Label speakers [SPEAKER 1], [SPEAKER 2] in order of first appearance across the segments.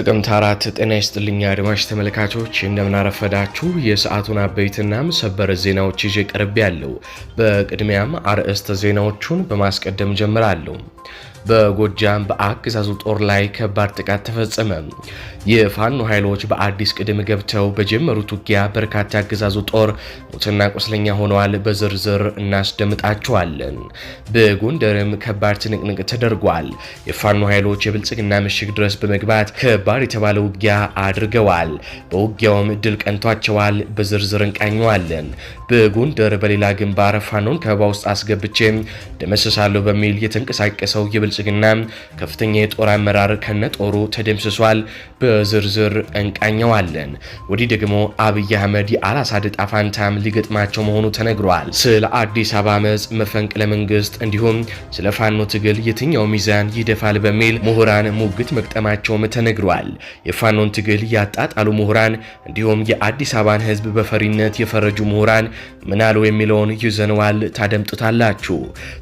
[SPEAKER 1] ጥቅምት አራት ጤና ይስጥልኛ አድማጭ ተመልካቾች እንደምናረፈዳችሁ የሰዓቱን አበይትናም ሰበር ዜናዎች ይዤ ቀርቤ ያለው። በቅድሚያም አርዕስተ ዜናዎቹን በማስቀደም ጀምራለሁ። በጎጃም በአገዛዙ ጦር ላይ ከባድ ጥቃት ተፈጸመ። የፋኖ ኃይሎች በአዲስ ቅድም ገብተው በጀመሩት ውጊያ በርካታ አገዛዙ ጦር ሙትና ቁስለኛ ሆነዋል። በዝርዝር እናስደምጣቸዋለን። በጎንደርም ከባድ ትንቅንቅ ተደርጓል። የፋኖ ኃይሎች የብልጽግና ምሽግ ድረስ በመግባት ከባድ የተባለ ውጊያ አድርገዋል። በውጊያውም ድል ቀንቷቸዋል። በዝርዝር እንቃኘዋለን። በጎንደር በሌላ ግንባር ፋኖን ከበባ ውስጥ አስገብቼ ደመሰሳለሁ በሚል የተንቀሳቀሰው የብልጽግና ከፍተኛ የጦር አመራር ከነጦሩ ተደምስሷል። በዝርዝር እንቃኘዋለን። ወዲህ ደግሞ አብይ አህመድ የአላሳድ ዕጣ ፋንታም ሊገጥማቸው መሆኑ ተነግሯል። ስለ አዲስ አበባ አመፅ፣ መፈንቅለ መንግስት እንዲሁም ስለ ፋኖ ትግል የትኛው ሚዛን ይደፋል በሚል ምሁራን ሙግት መቅጠማቸውም ተነግሯል። የፋኖን ትግል ያጣጣሉ ምሁራን እንዲሁም የአዲስ አበባን ህዝብ በፈሪነት የፈረጁ ምሁራን ምናሉ የሚለውን ይዘነዋል። ታደምጡታላችሁ።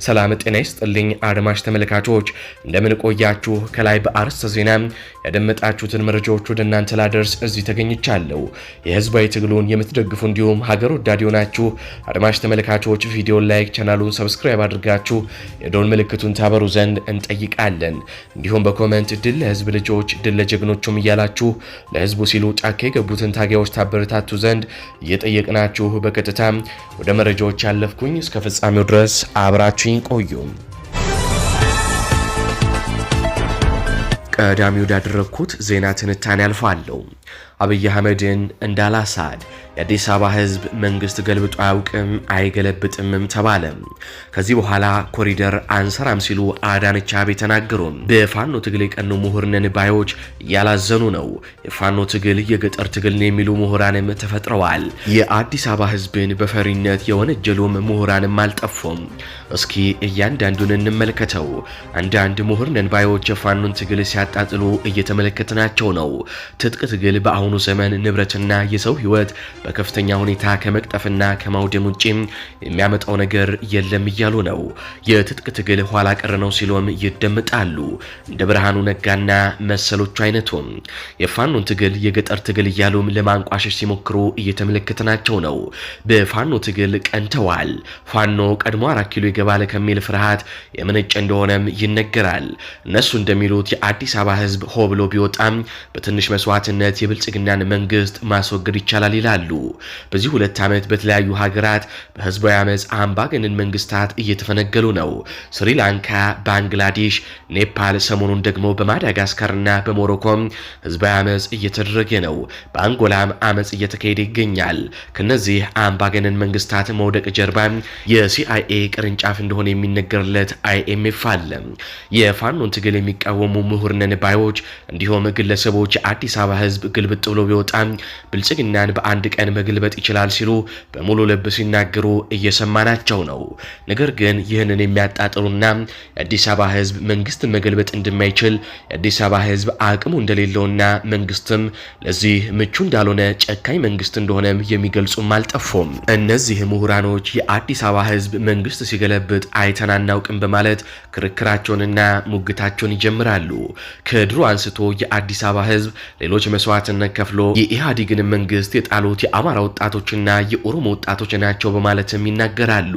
[SPEAKER 1] ሰላም ጤና ይስጥልኝ አድማሽ ተመልካቾች እንደምንቆያችሁ ከላይ በአርስተ ዜና ያደመጣችሁትን መረጃዎች ወደ እናንተ ላደርስ እዚህ ተገኝቻለሁ። የህዝባዊ ትግሉን የምትደግፉ እንዲሁም ሀገር ወዳድ የሆናችሁ አድማጭ ተመልካቾች ቪዲዮን ላይክ፣ ቻናሉን ሰብስክራይብ አድርጋችሁ የዶን ምልክቱን ታበሩ ዘንድ እንጠይቃለን። እንዲሁም በኮመንት ድል ለህዝብ ልጆች ድል ለጀግኖቹም እያላችሁ ለህዝቡ ሲሉ ጫካ የገቡትን ታጋዮች ታበረታቱ ዘንድ እየጠየቅናችሁ በቀጥታ ወደ መረጃዎች ያለፍኩኝ። እስከ ፍጻሜው ድረስ አብራችኝ ቆዩም። ቀዳሚ ወዳደረግኩት ዜና ትንታኔ አልፋለሁ። አብይ አህመድን እንዳላሳድ የአዲስ አበባ ህዝብ መንግስት ገልብጦ አያውቅም አይገለብጥምም ተባለ። ከዚህ በኋላ ኮሪደር አንሰራም ሲሉ አዳነች አቤ ተናገሩ። በፋኖ ትግል የቀኑ ምሁርነን ባዮች እያላዘኑ ነው። የፋኖ ትግል የገጠር ትግል ነው የሚሉ ምሁራንም ተፈጥረዋል። የአዲስ አበባ ህዝብን በፈሪነት የወነጀሉም ምሁራንም አልጠፉም። እስኪ እያንዳንዱን እንመልከተው። አንዳንድ ምሁርነን ባዮች የፋኖን ትግል ሲያጣጥሉ እየተመለከትናቸው ነው። ትጥቅ ትግል በአሁኑ ዘመን ንብረትና የሰው ህይወት በከፍተኛ ሁኔታ ከመቅጠፍና ከማውደም ውጭ የሚያመጣው ነገር የለም እያሉ ነው። የትጥቅ ትግል ኋላ ቀር ነው ሲሉም ይደምጣሉ። እንደ ብርሃኑ ነጋና መሰሎቹ አይነቱም የፋኖን ትግል የገጠር ትግል እያሉም ለማንቋሸሽ ሲሞክሩ እየተመለከትናቸው ነው። በፋኖ ትግል ቀንተዋል። ፋኖ ቀድሞ አራት ኪሎ ይገባል ከሚል ፍርሃት የመነጨ እንደሆነም ይነገራል። እነሱ እንደሚሉት የአዲስ አበባ ህዝብ ሆ ብሎ ቢወጣም በትንሽ መስዋዕትነት የብልጽግናን መንግስት ማስወገድ ይቻላል ይላሉ። በዚህ ሁለት ዓመት በተለያዩ ሀገራት በህዝባዊ አመፅ አምባገነን መንግስታት እየተፈነገሉ ነው። ስሪላንካ፣ ባንግላዴሽ፣ ኔፓል፣ ሰሞኑን ደግሞ በማዳጋስካርና በሞሮኮም ህዝባዊ ዓመፅ እየተደረገ ነው። በአንጎላም ዓመፅ እየተካሄደ ይገኛል። ከነዚህ አምባገነን መንግስታት መውደቅ ጀርባ የሲአይኤ ቅርንጫፍ እንደሆነ የሚነገርለት አይኤምኤፍ አለ። የፋኖን ትግል የሚቃወሙ ምሁርነን ባዮች እንዲሁም ግለሰቦች የአዲስ አበባ ህዝብ ግልብጥ ብሎ ቢወጣም ብልጽግናን በአንድ ቀን ኢትዮጵያን መግልበጥ ይችላል ሲሉ በሙሉ ልብ ሲናገሩ እየሰማናቸው ነው። ነገር ግን ይህንን የሚያጣጥሩና የአዲስ አበባ ህዝብ መንግስትን መገልበጥ እንደማይችል የአዲስ አበባ ህዝብ አቅሙ እንደሌለውና መንግስትም ለዚህ ምቹ እንዳልሆነ ጨካኝ መንግስት እንደሆነም የሚገልጹም አልጠፉም። እነዚህ ምሁራኖች የአዲስ አበባ ህዝብ መንግስት ሲገለብጥ አይተን አናውቅም በማለት ክርክራቸውንና ሙግታቸውን ይጀምራሉ። ከድሮ አንስቶ የአዲስ አበባ ህዝብ ሌሎች መስዋዕትነት ከፍሎ የኢህአዴግን መንግስት የጣሉት የአማራ ወጣቶችና የኦሮሞ ወጣቶች ናቸው በማለትም ይናገራሉ።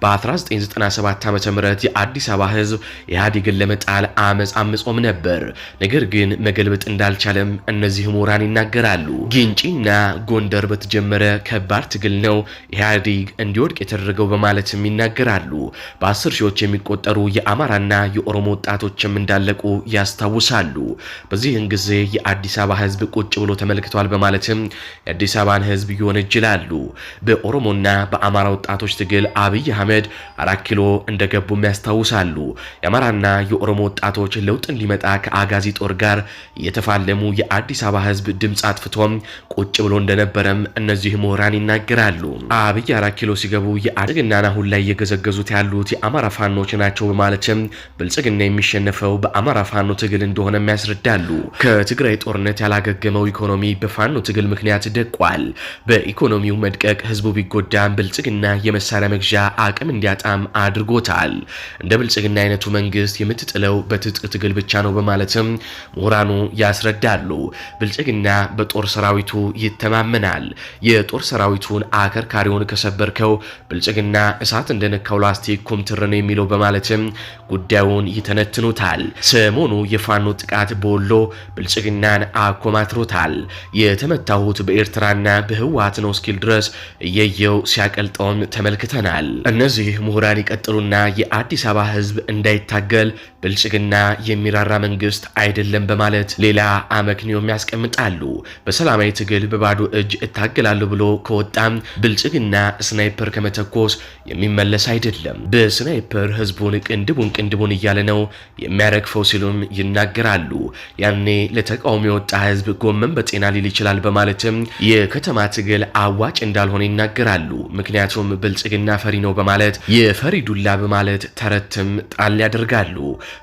[SPEAKER 1] በ1997 ዓ ም የአዲስ አበባ ህዝብ ኢህአዴግን ለመጣል አመፅ አምጾም ነበር። ነገር ግን መገልበጥ እንዳልቻለም እነዚህ ምሁራን ይናገራሉ። ጊንጪና ጎንደር በተጀመረ ከባድ ትግል ነው ኢህአዴግ እንዲወድቅ የተደረገው በማለትም ይናገራሉ። በአስር ሺዎች የሚቆጠሩ የአማራና የኦሮሞ ወጣቶችም እንዳለቁ ያስታውሳሉ። በዚህን ጊዜ የአዲስ አበባ ህዝብ ቁጭ ብሎ ተመልክቷል በማለትም የአዲስ አበባን ህዝብ ይወነጅላሉ። በኦሮሞና በአማራ ወጣቶች ትግል አብይ አህመድ አራት ኪሎ እንደገቡም ያስታውሳሉ። የአማራና የኦሮሞ ወጣቶች ለውጥ እንዲመጣ ከአጋዚ ጦር ጋር የተፋለሙ የአዲስ አበባ ህዝብ ድምፅ አጥፍቶም ቁጭ ብሎ እንደነበረም እነዚህ ምሁራን ይናገራሉ። አብይ አራት ኪሎ ሲገቡ የአድግናን አሁን ላይ እየገዘገዙት ያሉት የአማራ ፋኖች ናቸው በማለትም ብልጽግና የሚሸነፈው በአማራ ፋኖ ትግል እንደሆነም ያስረዳሉ። ከትግራይ ጦርነት ያላገገመው ኢኮኖሚ በፋኖ ትግል ምክንያት ደቋል። በኢኮኖሚው መድቀቅ ህዝቡ ቢጎዳም ብልጽግና የመሳሪያ መግዣ አቅም እንዲያጣም አድርጎታል። እንደ ብልጽግና አይነቱ መንግስት የምትጥለው በትጥቅ ትግል ብቻ ነው በማለትም ምሁራኑ ያስረዳሉ። ብልጽግና በጦር ሰራዊቱ ይተማመናል። የጦር ሰራዊቱን አከርካሪውን ከሰበርከው ብልጽግና እሳት እንደነካው ላስቲክ ኮምትር ነው የሚለው በማለትም ጉዳዩን ይተነትኑታል። ሰሞኑ የፋኖ ጥቃት በወሎ ብልጽግናን አኮማትሮታል። የተመታሁት በኤርትራና በህወሓት ነው እስኪል ድረስ እየየው ሲያቀልጠውም ተመልክተናል። እነዚህ ምሁራን ይቀጥሉና የአዲስ አበባ ህዝብ እንዳይታገል ብልጽግና የሚራራ መንግስት አይደለም በማለት ሌላ አመክንዮም ያስቀምጣሉ። በሰላማዊ ትግል በባዶ እጅ እታገላለሁ ብሎ ከወጣም ብልጽግና ስናይፐር ከመተኮስ የሚመለስ አይደለም። በስናይፐር ህዝቡን ቅንድቡን ቅንድቡን እያለ ነው የሚያረግፈው ሲሉም ይናገራሉ። ያኔ ለተቃውሞ የወጣ ህዝብ ጎመን በጤና ሊል ይችላል በማለትም የከተማ የከተማ ትግል አዋጭ እንዳልሆነ ይናገራሉ። ምክንያቱም ብልጽግና ፈሪ ነው በማለት የፈሪ ዱላ በማለት ተረትም ጣል ያደርጋሉ።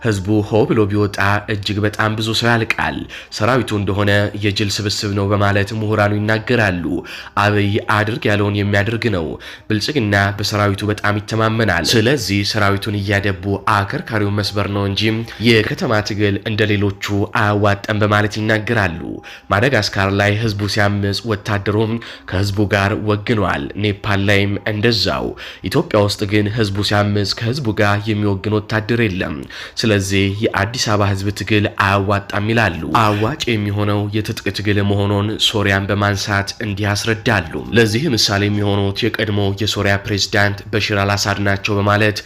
[SPEAKER 1] ህዝቡ ሆ ብሎ ቢወጣ እጅግ በጣም ብዙ ሰው ያልቃል። ሰራዊቱ እንደሆነ የጅል ስብስብ ነው በማለት ምሁራኑ ይናገራሉ። አብይ አድርግ ያለውን የሚያደርግ ነው። ብልጽግና በሰራዊቱ በጣም ይተማመናል። ስለዚህ ሰራዊቱን እያደቡ አከርካሪውን መስበር ነው እንጂ የከተማ ትግል እንደ ሌሎቹ አያዋጠም በማለት ይናገራሉ። ማደጋስካር ላይ ህዝቡ ሲያምፅ ወታደሩ ከህዝቡ ጋር ወግነዋል። ኔፓል ላይም እንደዛው። ኢትዮጵያ ውስጥ ግን ህዝቡ ሲያምፅ ከህዝቡ ጋር የሚወግን ወታደር የለም። ስለዚህ የአዲስ አበባ ህዝብ ትግል አያዋጣም ይላሉ። አዋጭ የሚሆነው የትጥቅ ትግል መሆኑን ሶሪያን በማንሳት እንዲህ ያስረዳሉ። ለዚህ ምሳሌ የሚሆኑት የቀድሞ የሶሪያ ፕሬዝዳንት በሽር አላሳድ ናቸው በማለት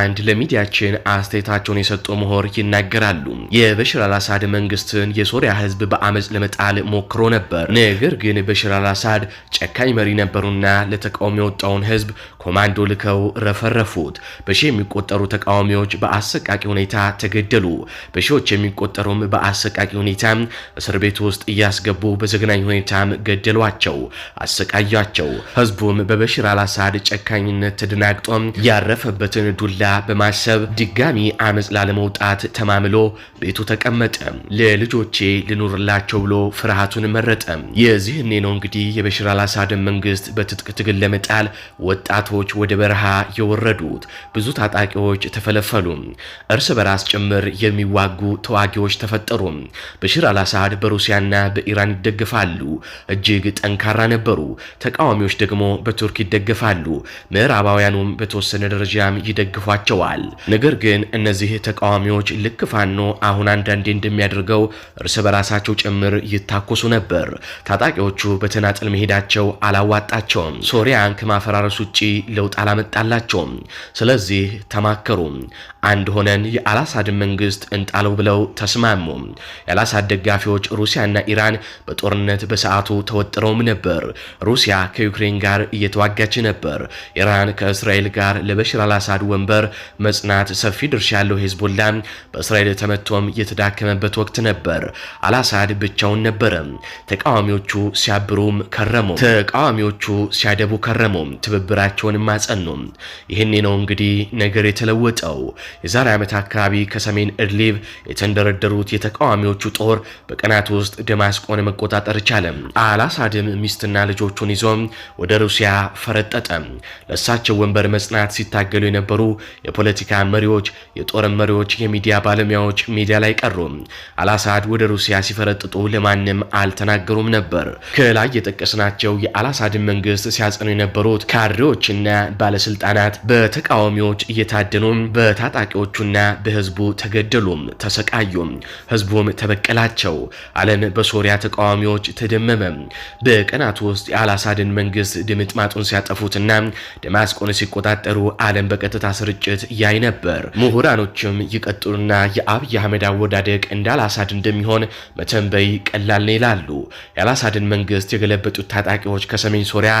[SPEAKER 1] አንድ ለሚዲያችን አስተያየታቸውን የሰጡ ምሁር ይናገራሉ። የበሽር አላሳድ መንግስትን የሶሪያ ህዝብ በአመፅ ለመጣል ሞክሮ ነበር። ነገር ግን በሽር አላሳድ አሳድ ጨካኝ መሪ ነበሩና ለተቃውሞ የወጣውን ህዝብ ኮማንዶ ልከው ረፈረፉት። በሺህ የሚቆጠሩ ተቃዋሚዎች በአሰቃቂ ሁኔታ ተገደሉ። በሺዎች የሚቆጠሩም በአሰቃቂ ሁኔታ እስር ቤት ውስጥ እያስገቡ በዘግናኝ ሁኔታም ገደሏቸው፣ አሰቃያቸው። ህዝቡም በበሽር አላሳድ ጨካኝነት ተደናግጦ ያረፈበትን ዱላ በማሰብ ድጋሚ አመፅ ላለመውጣት ተማምሎ ቤቱ ተቀመጠ። ለልጆቼ ልኑርላቸው ብሎ ፍርሃቱን መረጠ። የዚህኔ ነው እንግዲህ የበሽር አልአሳድን መንግስት በትጥቅ ትግል ለመጣል ወጣቶች ወደ በረሃ የወረዱት፣ ብዙ ታጣቂዎች ተፈለፈሉ፣ እርስ በራስ ጭምር የሚዋጉ ተዋጊዎች ተፈጠሩ። በሽር አላሳድ በሩሲያና በኢራን ይደገፋሉ፣ እጅግ ጠንካራ ነበሩ። ተቃዋሚዎች ደግሞ በቱርክ ይደገፋሉ፣ ምዕራባውያኑም በተወሰነ ደረጃም ይደግፏቸዋል። ነገር ግን እነዚህ ተቃዋሚዎች ልክ ፋኖ አሁን አንዳንዴ እንደሚያደርገው እርስ በራሳቸው ጭምር ይታኮሱ ነበር። ታጣቂዎቹ በተናጠል በተናጠል መሄዳቸው አላዋጣቸውም። ሶሪያን ከማፈራረስ ውጪ ለውጥ አላመጣላቸውም። ስለዚህ ተማከሩ። አንድ ሆነን የአላሳድን መንግስት እንጣለው ብለው ተስማሙ። የአላሳድ ደጋፊዎች ሩሲያና ኢራን በጦርነት በሰዓቱ ተወጥረውም ነበር። ሩሲያ ከዩክሬን ጋር እየተዋጋች ነበር። ኢራን ከእስራኤል ጋር ለበሽር አላሳድ ወንበር መጽናት ሰፊ ድርሻ ያለው ሄዝቦላ በእስራኤል ተመቶም የተዳከመበት ወቅት ነበር። አላሳድ ብቻውን ነበረ። ተቃዋሚዎቹ ሲያብሩም ከረሙ። ተቃዋሚዎቹ ሲያደቡ ከረሙ። ትብብራቸውን ማጸኑ። ይህኔ ነው እንግዲህ ነገር የተለወጠው። የዛሬ ዓመት አካባቢ ከሰሜን ኢድሊብ የተንደረደሩት የተቃዋሚዎቹ ጦር በቀናት ውስጥ ደማስቆን መቆጣጠር ቻለ። አላሳድም ሚስትና ልጆቹን ይዞ ወደ ሩሲያ ፈረጠጠ። ለእሳቸው ወንበር መጽናት ሲታገሉ የነበሩ የፖለቲካ መሪዎች፣ የጦር መሪዎች፣ የሚዲያ ባለሙያዎች ሚዲያ ላይ ቀሩ። አላሳድ ወደ ሩሲያ ሲፈረጥጡ ለማንም አልተናገሩም ነበር። ከላይ የጠቀስናቸው የአላሳድን መንግስት ሲያጸኑ የነበሩት ካድሬዎችና ባለስልጣናት በተቃዋሚዎች እየታደኑ በታጣ በታጣቂዎቹና በህዝቡ ተገደሉም ተሰቃዩም፣ ህዝቡም ተበቀላቸው። ዓለም በሶሪያ ተቃዋሚዎች ተደመመ። በቀናት ውስጥ የአላሳድን መንግስት ድምጥማጡን ሲያጠፉትና ደማስቆን ሲቆጣጠሩ ዓለም በቀጥታ ስርጭት ያይ ነበር። ምሁራኖችም ይቀጥሉና የአብይ አህመድ አወዳደቅ እንደ አላሳድ እንደሚሆን መተንበይ ቀላል ነው ይላሉ። የአላሳድን መንግስት የገለበጡት ታጣቂዎች ከሰሜን ሶሪያ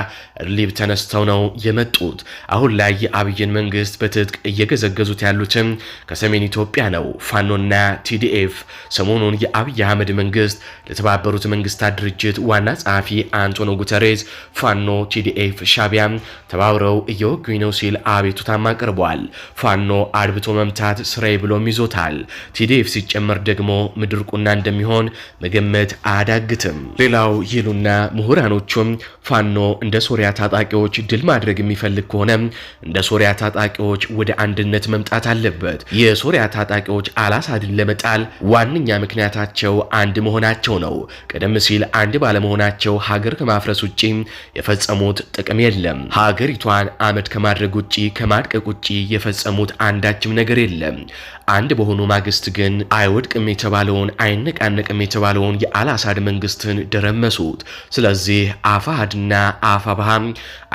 [SPEAKER 1] እርሊብ ተነስተው ነው የመጡት። አሁን ላይ የአብይን መንግስት በትጥቅ እየገዘገዙት ያሉ ያሉትም ከሰሜን ኢትዮጵያ ነው። ፋኖና ቲዲኤፍ ሰሞኑን የአብይ አህመድ መንግስት ለተባበሩት መንግስታት ድርጅት ዋና ጸሐፊ አንቶኒ ጉተሬዝ ፋኖ፣ ቲዲኤፍ፣ ሻቢያም ተባብረው እየወጉኝ ነው ሲል አቤቱታም አቅርቧል። ፋኖ አድብቶ መምታት ስራዬ ብሎም ይዞታል። ቲዲኤፍ ሲጨመር ደግሞ ምድር ቁና እንደሚሆን መገመት አያዳግትም። ሌላው ይሉና ምሁራኖቹም ፋኖ እንደ ሶሪያ ታጣቂዎች ድል ማድረግ የሚፈልግ ከሆነ እንደ ሶሪያ ታጣቂዎች ወደ አንድነት መምጣት አለ አለበት። የሶሪያ ታጣቂዎች አላሳድን ለመጣል ዋነኛ ምክንያታቸው አንድ መሆናቸው ነው። ቀደም ሲል አንድ ባለመሆናቸው ሀገር ከማፍረስ ውጭ የፈጸሙት ጥቅም የለም። ሀገሪቷን አመድ ከማድረግ ውጭ ከማድቀቅ ውጭ የፈጸሙት አንዳችም ነገር የለም። አንድ በሆኑ ማግስት ግን አይወድቅም የተባለውን አይነቃነቅም የተባለውን የአልአሳድ መንግስትን ደረመሱት። ስለዚህ አፋሃድና አፋብሃም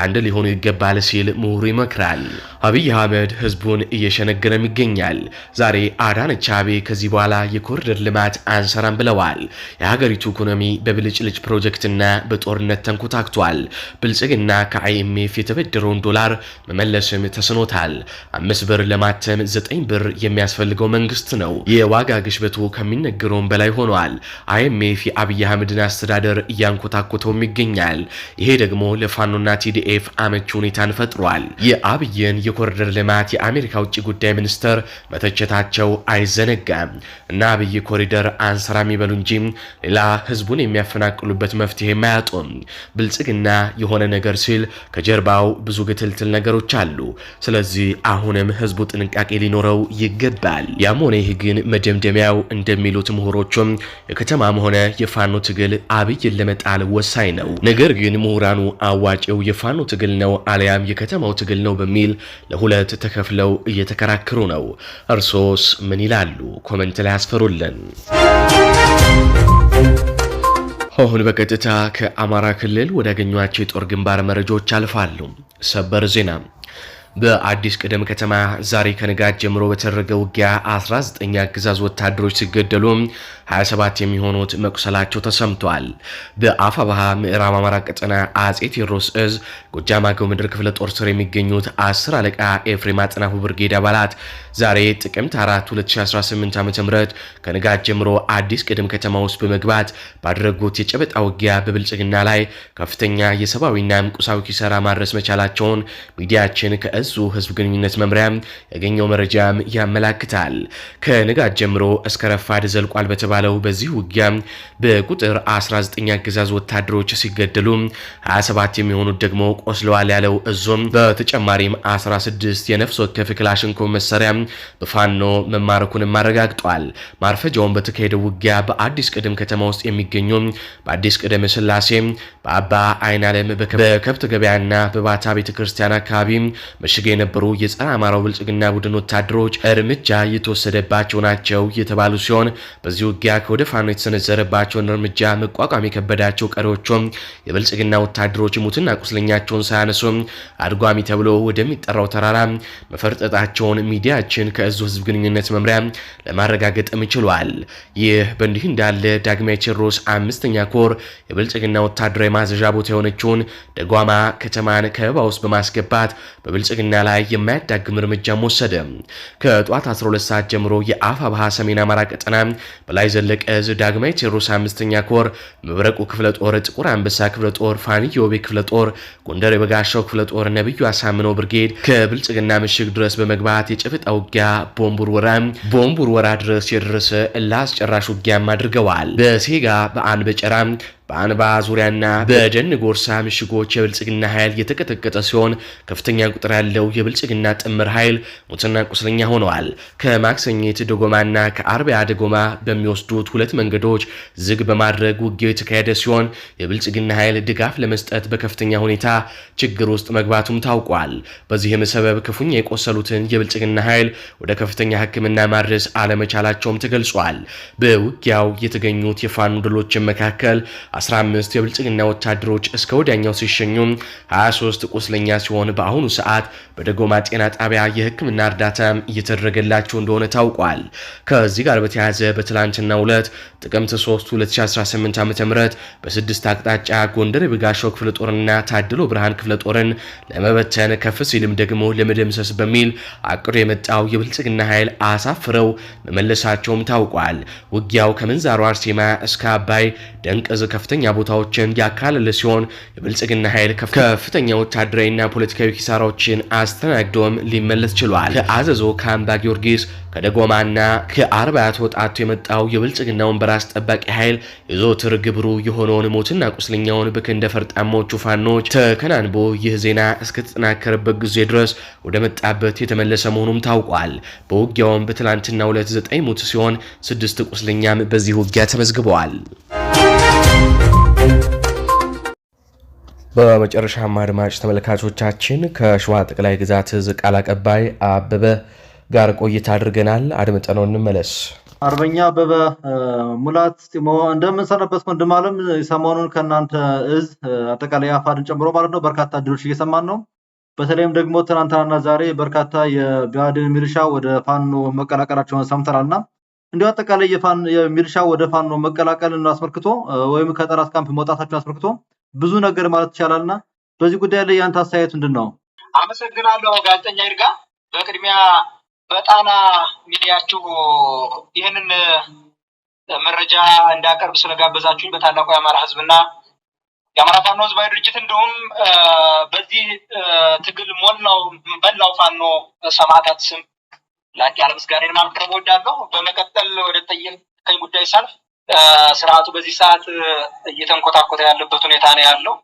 [SPEAKER 1] አንድ ሊሆኑ ይገባል ሲል ምሁሩ ይመክራል። አብይ አህመድ ህዝቡን እየሸነገረም ይገኛል። ዛሬ አዳነች አቤ ከዚህ በኋላ የኮሪደር ልማት አንሰራም ብለዋል። የሀገሪቱ ኢኮኖሚ በብልጭልጭ ፕሮጀክትና በጦርነት ተንኮታክቷል። ብልጽግና ከአይኤምኤፍ የተበደረውን ዶላር መመለስም ተስኖታል። አምስት ብር ለማተም ዘጠኝ ብር የሚያስፈ የሚያስፈልገው መንግስት ነው። የዋጋ ግሽበቱ ከሚነገረውም በላይ ሆኗል። አይኤምኤፍ የአብይ አህመድን አስተዳደር እያንኮታኮተውም ይገኛል። ይሄ ደግሞ ለፋኖና ቲዲኤፍ አመቺ ሁኔታን ፈጥሯል። የአብይን የኮሪደር ልማት የአሜሪካ ውጭ ጉዳይ ሚኒስተር መተቸታቸው አይዘነጋም እና አብይ ኮሪደር አንሰራ የሚበሉ እንጂ ሌላ ህዝቡን የሚያፈናቅሉበት መፍትሄ አያጡም። ብልጽግና የሆነ ነገር ሲል ከጀርባው ብዙ ግትልትል ነገሮች አሉ። ስለዚህ አሁንም ህዝቡ ጥንቃቄ ሊኖረው ይገባል። ይላል። ያም ሆነ ይህ ግን መደምደሚያው እንደሚሉት ምሁሮቹም የከተማም ሆነ የፋኖ ትግል አብይን ለመጣል ወሳኝ ነው። ነገር ግን ምሁራኑ አዋጪው የፋኖ ትግል ነው አልያም የከተማው ትግል ነው በሚል ለሁለት ተከፍለው እየተከራከሩ ነው። እርሶስ ምን ይላሉ? ኮመንት ላይ አስፈሩልን። አሁን በቀጥታ ከአማራ ክልል ወዳገኟቸው የጦር ግንባር መረጃዎች አልፋሉ። ሰበር ዜና በአዲስ ቅደም ከተማ ዛሬ ከንጋት ጀምሮ በተደረገ ውጊያ 19 አገዛዝ ወታደሮች ሲገደሉ 27 የሚሆኑት መቁሰላቸው ተሰምተዋል። በአፋባሃ ምዕራብ አማራ ቀጠና አጼ ቴዎድሮስ እዝ ጎጃም አገው ምድር ክፍለ ጦር ስር የሚገኙት 10 አለቃ ኤፍሬም አጥናፉ ብርጌድ አባላት ዛሬ ጥቅምት 4 2018 ዓ ም ከንጋት ጀምሮ አዲስ ቅደም ከተማ ውስጥ በመግባት ባደረጉት የጨበጣ ውጊያ በብልጽግና ላይ ከፍተኛ የሰብአዊና ቁሳዊ ኪሰራ ማድረስ መቻላቸውን ሚዲያችን ከእ ዙ ህዝብ ግንኙነት መምሪያ ያገኘው መረጃም ያመላክታል። ከንጋት ጀምሮ እስከ ረፋድ ዘልቋል በተባለው በዚህ ውጊያ በቁጥር 19 አገዛዝ ወታደሮች ሲገደሉ 27 የሚሆኑት ደግሞ ቆስለዋል ያለው እዙም በተጨማሪም 16 የነፍስ ወከፍ ክላሽንኮ መሳሪያ በፋኖ መማረኩንም አረጋግጧል። ማርፈጃውን በተካሄደው ውጊያ በአዲስ ቅደም ከተማ ውስጥ የሚገኙ በአዲስ ቅደም ስላሴ፣ በአባ አይን አለም፣ በከብት ገበያና በባታ ቤተክርስቲያን አካባቢ ተሸሽገው የነበሩ የጸረ አማራው ብልጽግና ቡድን ወታደሮች እርምጃ የተወሰደባቸው ናቸው የተባሉ ሲሆን በዚህ ውጊያ ከወደ ፋኖ የተሰነዘረባቸውን እርምጃ መቋቋም የከበዳቸው ቀሪዎቹም የብልጽግና ወታደሮች ሙትና ቁስለኛቸውን ሳያነሱም አድጓሚ ተብሎ ወደሚጠራው ተራራ መፈርጠጣቸውን ሚዲያችን ከእዙ ህዝብ ግንኙነት መምሪያ ለማረጋገጥም ችሏል። ይህ በእንዲህ እንዳለ ዳግማዊ ቴዎድሮስ አምስተኛ ኮር የብልጽግና ወታደራዊ ማዘዣ ቦታ የሆነችውን ደጓማ ከተማን ከበባ ውስጥ በማስገባት በብልጽግ ብልጽግና ላይ የማያዳግም እርምጃም ወሰደ። ከጧት 12 ሰዓት ጀምሮ የአፋብሃ ሰሜን አማራ ቀጠና በላይ ዘለቀ እዝ ዳግማዊ ቴዎድሮስ አምስተኛ ኮር መብረቁ ክፍለ ጦር፣ ጥቁር አንበሳ ክፍለ ጦር፣ ፋኒ ክፍለ ጦር፣ ጎንደር የበጋሻው ክፍለ ጦር፣ ነብዩ አሳምነው ብርጌድ ከብልጽግና ምሽግ ድረስ በመግባት የጨበጣ ውጊያ ቦምቡር ወራ ቦምቡር ወራ ድረስ የደረሰ እላስ አስጨራሽ ውጊያም አድርገዋል። በሴጋ በአንበጨራ በአንባ ዙሪያና በደን ጎርሳ ምሽጎች የብልጽግና ኃይል የተቀጠቀጠ ሲሆን ከፍተኛ ቁጥር ያለው የብልጽግና ጥምር ኃይል ሙትና ቁስለኛ ሆነዋል። ከማክሰኝት ደጎማና ከአርቢያ ደጎማ በሚወስዱት ሁለት መንገዶች ዝግ በማድረግ ውጊያው የተካሄደ ሲሆን የብልጽግና ኃይል ድጋፍ ለመስጠት በከፍተኛ ሁኔታ ችግር ውስጥ መግባቱም ታውቋል። በዚህም ሰበብ ክፉኛ የቆሰሉትን የብልጽግና ኃይል ወደ ከፍተኛ ሕክምና ማድረስ አለመቻላቸውም ተገልጿል። በውጊያው የተገኙት የፋኑ ድሎችን መካከል 15 የብልጽግና ወታደሮች እስከ ወዲያኛው ሲሸኙ 23 ቁስለኛ ሲሆን በአሁኑ ሰዓት በደጎማ ጤና ጣቢያ የሕክምና እርዳታም እየተደረገላቸው እንደሆነ ታውቋል። ከዚህ ጋር በተያያዘ በትላንትናው ዕለት ጥቅምት 3 2018 ዓ ም በስድስት አቅጣጫ ጎንደር የበጋሻው ክፍለ ጦርና ታድሎ ብርሃን ክፍለ ጦርን ለመበተን ከፍ ሲልም ደግሞ ለመደምሰስ በሚል አቅዶ የመጣው የብልጽግና ኃይል አሳፍረው መመለሳቸውም ታውቋል። ውጊያው ከምንዛሩ አርሴማ እስከ አባይ ደንቀዝ ከፍ ከፍተኛ ቦታዎችን ያካለለ ሲሆን የብልጽግና ኃይል ከፍተኛ ወታደራዊና ፖለቲካዊ ኪሳራዎችን አስተናግዶም ሊመለስ ችሏል። ከአዘዞ ከአምባ ጊዮርጊስ ከደጎማና ከአርባያት ወጣቱ የመጣው የብልጽግናውን በራስ ጠባቂ ኃይል የዘወትር ግብሩ የሆነውን ሞትና ቁስለኛውን በክንደ ፈርጣሞቹ ፋኖች ተከናንቦ ይህ ዜና እስከተጠናከረበት ጊዜ ድረስ ወደ መጣበት የተመለሰ መሆኑም ታውቋል። በውጊያውም በትላንትና ሁለት ዘጠኝ ሞት ሲሆን ስድስት ቁስለኛም በዚህ ውጊያ ተመዝግበዋል። በመጨረሻም አድማጭ ተመልካቾቻችን ከሸዋ ጠቅላይ ግዛት እዝ ቃል አቀባይ አበበ ጋር ቆይታ አድርገናል። አድምጠነው እንመለስ።
[SPEAKER 2] አርበኛ አበበ ሙላት ጢሞ እንደምንሰነበት ወንድም አለም፣ ሰሞኑን ከእናንተ እዝ አጠቃላይ አፋድን ጨምሮ ማለት ነው በርካታ ድሎች እየሰማን ነው። በተለይም ደግሞ ትናንትናና ዛሬ በርካታ የብአዴን ሚልሻ ወደ ፋኖ መቀላቀላቸውን ሰምተናልና እንዲሁ አጠቃላይ የሚልሻ ወደ ፋኖ መቀላቀልን አስመልክቶ ወይም ከጠራት ካምፕ መውጣታቸውን አስመልክቶ ብዙ ነገር ማለት ይቻላል እና በዚህ ጉዳይ ላይ ያንተ አስተያየት ምንድን ነው?
[SPEAKER 3] አመሰግናለሁ ጋዜጠኛ ይርጋ። በቅድሚያ በጣና ሚዲያችሁ ይህንን መረጃ እንዳቀርብ ስለጋበዛችሁኝ በታላቁ የአማራ ህዝብና የአማራ ፋኖ ህዝባዊ ድርጅት እንዲሁም በዚህ ትግል ሞላው በላው ፋኖ ሰማዕታት ስም ላቅ ያለ ምስጋናን ማቅረብ እወዳለሁ። በመቀጠል ወደ ጠየቀኝ ጉዳይ ሳልፍ ስርዓቱ በዚህ ሰዓት እየተንኮታኮተ ያለበት ሁኔታ ነው ያለው።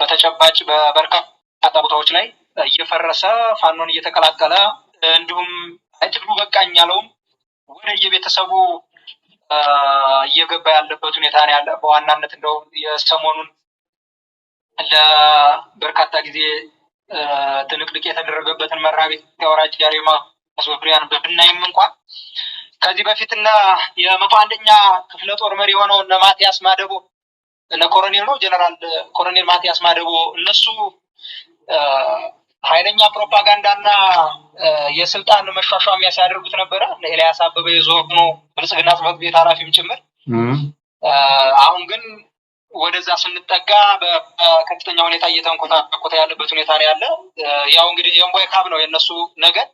[SPEAKER 3] በተጨባጭ በበርካታ ቦታዎች ላይ እየፈረሰ ፋኖን እየተቀላቀለ እንዲሁም ትግሉ በቃኝ ያለውም ወደ የቤተሰቡ እየገባ ያለበት ሁኔታ ነው ያለ። በዋናነት እንደው የሰሞኑን ለበርካታ ጊዜ ትንቅንቅ የተደረገበትን መራቤት የወራጅ ያሬማ አስበብሪያን በብናይም እንኳን ከዚህ በፊትና የመቶ አንደኛ ክፍለ ጦር መሪ የሆነው እነ ማቲያስ ማደቦ እነ ኮሎኔል ነው ጀነራል ኮሎኔል ማቲያስ ማደቦ እነሱ ኃይለኛ ፕሮፓጋንዳና የስልጣን መሿሿሚያ ሲያደርጉት ነበረ። ኤልያስ አበበ የዞኑ ብልጽግና ጽሕፈት ቤት ኃላፊም ጭምር። አሁን ግን ወደዛ ስንጠጋ በከፍተኛ ሁኔታ እየተንኮታኮተ ያለበት ሁኔታ ነው ያለ። ያው እንግዲህ የእምቧይ ካብ ነው የእነሱ ነገር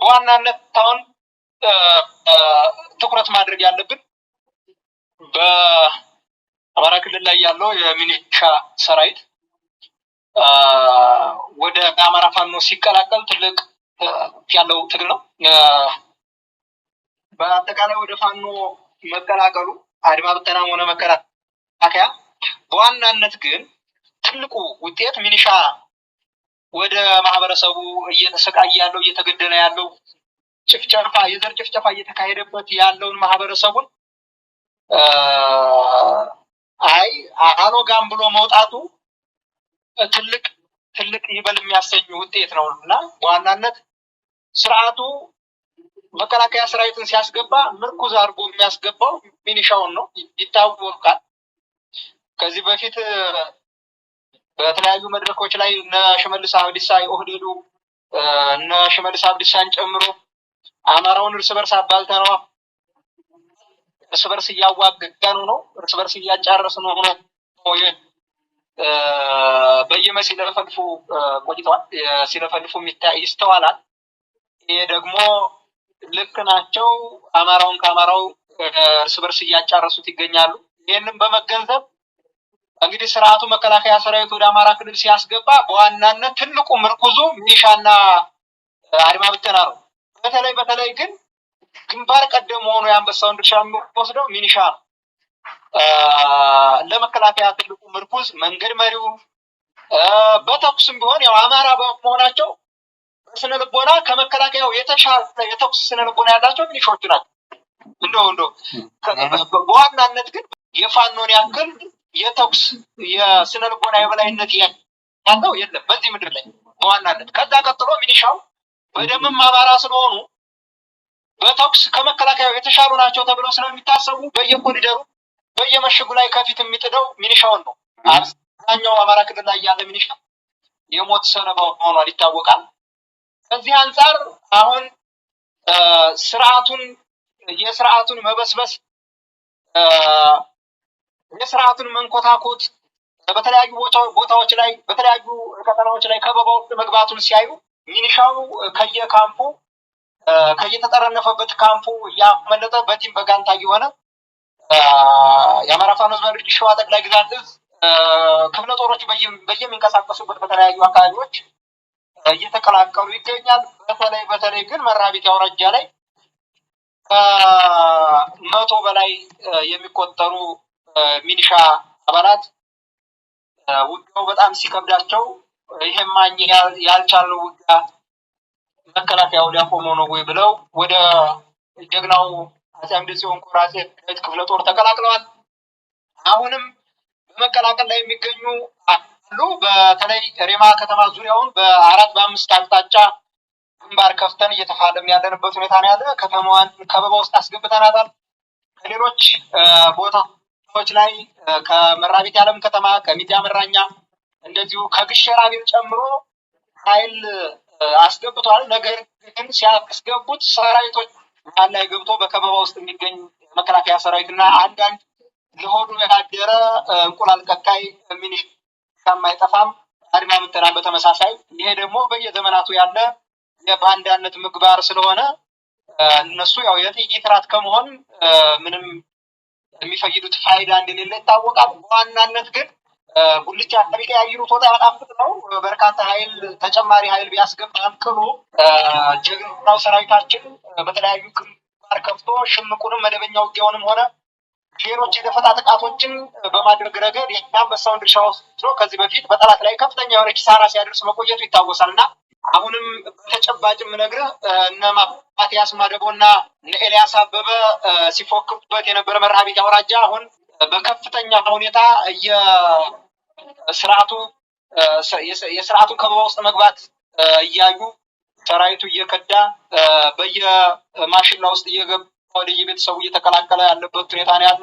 [SPEAKER 3] በዋናነት አሁን ትኩረት ማድረግ ያለብን በአማራ ክልል ላይ ያለው የሚኒሻ ሰራዊት ወደ አማራ ፋኖ ሲቀላቀል ትልቅ ያለው ትግል ነው። በአጠቃላይ ወደ ፋኖ መቀላቀሉ አድማ ብተናም ሆነ መከላከያ፣ በዋናነት ግን ትልቁ ውጤት ሚኒሻ ወደ ማህበረሰቡ እየተሰቃየ ያለው እየተገደለ ያለው ጭፍጨፋ የዘር ጭፍጨፋ እየተካሄደበት ያለውን ማህበረሰቡን አይ አኖጋም ብሎ መውጣቱ ትልቅ ትልቅ ይበል የሚያሰኝ ውጤት ነው እና በዋናነት ስርዓቱ መከላከያ ሰራዊትን ሲያስገባ ምርኩዝ አድርጎ የሚያስገባው ሚኒሻውን ነው ይታወቃል። ከዚህ በፊት በተለያዩ መድረኮች ላይ እነ ሽመልስ አብዲሳ የኦህዴዱ እነ ሽመልስ አብዲሳን ጨምሮ አማራውን እርስ በርስ አባልተ አባልተነዋ። እርስ በርስ እያዋጋኑ ነው። እርስ በርስ እያጫረስ ነው ሆኖ በየመ ሲለፈልፉ ቆይተዋል። ሲለፈልፉ ይስተዋላል። ይሄ ደግሞ ልክ ናቸው። አማራውን ከአማራው እርስ በርስ እያጫረሱት ይገኛሉ። ይህንም በመገንዘብ እንግዲህ ስርዓቱ መከላከያ ሰራዊት ወደ አማራ ክልል ሲያስገባ በዋናነት ትልቁ ምርኩዙ ሚሊሻና አድማ ብተና ነው። በተለይ በተለይ ግን ግንባር ቀደም ሆኖ የአንበሳውን ድርሻ የሚወስደው ሚኒሻ ነው። ለመከላከያ ትልቁ ምርኩዝ መንገድ መሪው በተኩስም ቢሆን ያው አማራ በመሆናቸው ስነ ልቦና ከመከላከያው የተሻለ የተኩስ ስነ ልቦና ያላቸው ሚኒሻዎች ናቸው። እንደው እንደው በዋናነት ግን የፋኖን ያክል የተኩስ የስነ ልቦና የበላይነት ያለው የለም በዚህ ምድር ላይ በዋናነት ከዛ ቀጥሎ ሚኒሻው በደምም አማራ ስለሆኑ በተኩስ ከመከላከያው የተሻሉ ናቸው ተብለው ስለሚታሰቡ በየኮሪደሩ በየመሽጉ ላይ ከፊት የሚጥደው ሚኒሻውን ነው። አብዛኛው አማራ ክልል ላይ ያለ ሚኒሻ የሞት ሰለባ ሆኗል ይታወቃል። ከዚህ አንጻር አሁን ስርዓቱን የስርዓቱን መበስበስ የስርዓቱን መንኮታኮት በተለያዩ ቦታዎች ላይ በተለያዩ ቀጠናዎች ላይ ከበባዎች መግባቱን ሲያዩ ሚኒሻው ከየካምፑ ከየተጠረነፈበት ካምፑ ያመለጠ በቲም በጋንታ እየሆነ የአማራ ፋኖ ህዝባዊ ድርጅት ሸዋ ጠቅላይ ግዛት እዝ ክፍለ ጦሮች በየሚንቀሳቀሱበት በተለያዩ አካባቢዎች እየተቀላቀሉ ይገኛል። በተለይ በተለይ ግን መራቢት አውራጃ ላይ ከመቶ በላይ የሚቆጠሩ ሚኒሻ አባላት ውጊያው በጣም ሲከብዳቸው ይሄም ማኝ ያልቻለው ውጊያ መከላከያ ወዲያ ነው ወይ ብለው ወደ ጀግናው አፄ አምደ ጽዮን ኮር አፄ ክፍለ ጦር ተቀላቅለዋል። አሁንም በመቀላቀል ላይ የሚገኙ አሉ። በተለይ ሬማ ከተማ ዙሪያውን በአራት በአምስት አቅጣጫ ግንባር ከፍተን እየተፋለም ያለንበት ሁኔታ ነው ያለ። ከተማዋን ከበባ ውስጥ አስገብተናታል። ከሌሎች ቦታዎች ላይ ከመራቤት ዓለም ከተማ ከሚዲያ መራኛ እንደዚሁ ከግሸራቤም ጨምሮ ኃይል አስገብተዋል። ነገር ግን ሲያስገቡት ሰራዊቶች መሀል ላይ ገብቶ በከበባ ውስጥ የሚገኝ መከላከያ ሰራዊት እና አንዳንድ ለሆዱ የናደረ እንቁላል ቀቃይ ሚኒሻ አይጠፋም፣ አድማ ብተና በተመሳሳይ። ይሄ ደግሞ በየዘመናቱ ያለ የባንዳነት ምግባር ስለሆነ እነሱ ያው የጥይት ራት ከመሆን ምንም የሚፈይዱት ፋይዳ እንደሌለ ይታወቃል። በዋናነት ግን ጉልቻ ታሪክ ያየሩት ወጣ ያጣፍጥ ነው። በርካታ ኃይል ተጨማሪ ኃይል ቢያስገባም ቅሉ ጀግናው ሰራዊታችን በተለያዩ ግንባር ከፍቶ ሽምቁንም መደበኛ ውጊያውንም ሆነ ሌሎች የደፈጣ ጥቃቶችን በማድረግ ረገድ የአንበሳውን ድርሻ ወስዶ ከዚህ በፊት በጠላት ላይ ከፍተኛ የሆነ ኪሳራ ሲያደርስ መቆየቱ ይታወሳል እና አሁንም በተጨባጭም ነግረህ እነ ማቲያስ ማደቦ እና እነ ኤልያስ አበበ ሲፎክሩበት የነበረ መርሃቤት አውራጃ አሁን በከፍተኛ ሁኔታ የስርዓቱ የስርዓቱን ከበባ ውስጥ መግባት እያዩ ሰራዊቱ እየከዳ በየማሽላ ውስጥ እየገባ ወደ የቤተሰቡ እየተቀላቀለ ያለበት ሁኔታ ነው ያለ።